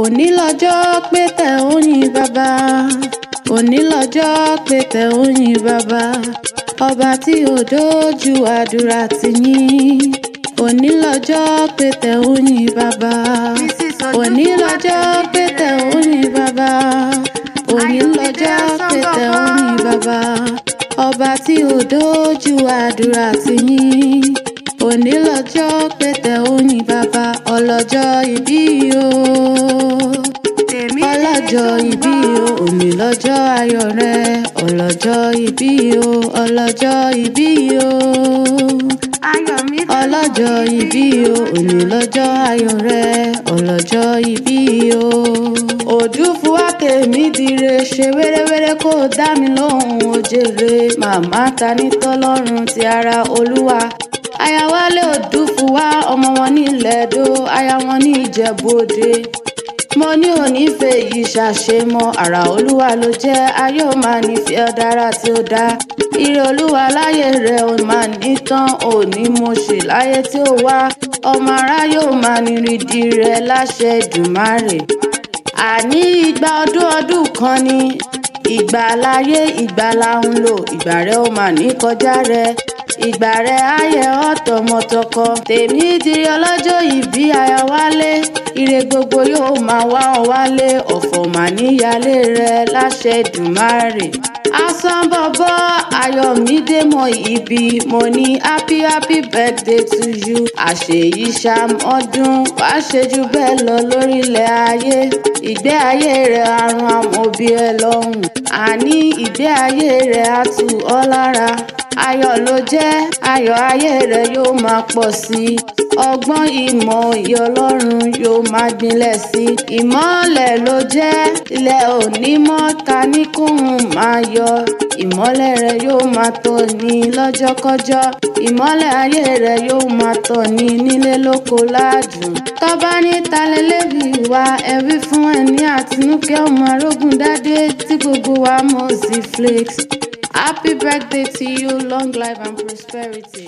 òní lọ́jọ́ pé tẹ̀ ń yin bàbá òní lọ́jọ́ pé tẹ̀ ń yin bàbá ọba tí ò dójú àdúrà ti yín òní lọ́jọ́ pé tẹ̀ ń yin bàbá òní lọ́jọ́ pé tẹ̀ ń yin bàbá òní lọ́jọ́ pé tẹ̀ ń yin bàbá ọba tí ò dójú àdúrà ti yín òní lọ́jọ́ pé tẹ̀ ń bàbá ọlọ́jọ́ lọ́jọ́ ìbí o òní lọ́jọ́ ayọ̀ rẹ ọlọ́jọ́ ìbí o ọlọ́jọ́ ìbí o ọlọ́jọ́ ìbí o òní lọ́jọ́ ayọ̀ rẹ ọlọ́jọ́ ìbí o òdúfúwá tèmi dire ṣe wéréwéré kó dá mi lóhùn òjèrè màmá ta ní tọ́lọ́run ti ara olúwa ayáwálé òdúfúwá ọmọ wọn ní ilẹ̀ dó aya wọn ní ìjẹ̀bú òde mo ní òní fẹ́ yìí ṣàṣe mọ́ àrà olúwa ló jẹ́ ayé ò máa ní fi ọ̀dára tí ó dá ire olúwa láyé rẹ̀ ò máa ní tán òní mo ṣe láyé tí ó wá ọmọ aráyé ò máa ní rídìí rẹ̀ láṣẹ Èdùmàrè àní igba ọdún ọdún kan ni ìgbà láyé ìgbà là ń lò ìgbà rẹ̀ ò máa ní kọjá rẹ̀ ìgbà rẹ̀ ayẹ ọ̀tọ̀mọ̀tọ̀kọ tèmi dirí ọlọ́jọ́ ìbí aya wálé ire gbogbo yóò máa wá ọ wálé ọ̀fọ̀ mà níyàlé rẹ láṣẹ dùnmáre. Baba, ayọ̀mídé mọ ibi mo ní happy happy birthday to you àṣeyí ṣam ọdún wàá ṣe jù bẹ́ẹ̀ lọ lórílẹ̀ ayé ìgbé ayé rẹ̀ àrùn àwọn òbí ẹ lọ́hùn àní ìgbé ayé rẹ̀ á tù ọ́ lára ayọ̀ ló jẹ́ ayọ̀ ayé rẹ̀ yóò máa pọ̀ sí i ọgbọ́n ìmọ̀ òye ọlọ́run yóò máa gbilẹ̀ sí i ló jẹ́ ilẹ̀ onímọ̀ ta ní kóhun máa yọ ìmọ́lẹ̀ rẹ yóò máa tọ̀ ní lọ́jọ́kọ́jọ́ ìmọ́lẹ̀ ayé rẹ yóò máa tọ̀ ní nílé lóko láàdùn tọ́ba ní talẹ́lẹ́bí wa ẹ̀rí fún ẹni àtinúkẹ́ ọmọ arógún dádé tí gbogbo wa mọ̀ sí flakes happy birthday to you long life and prosperity.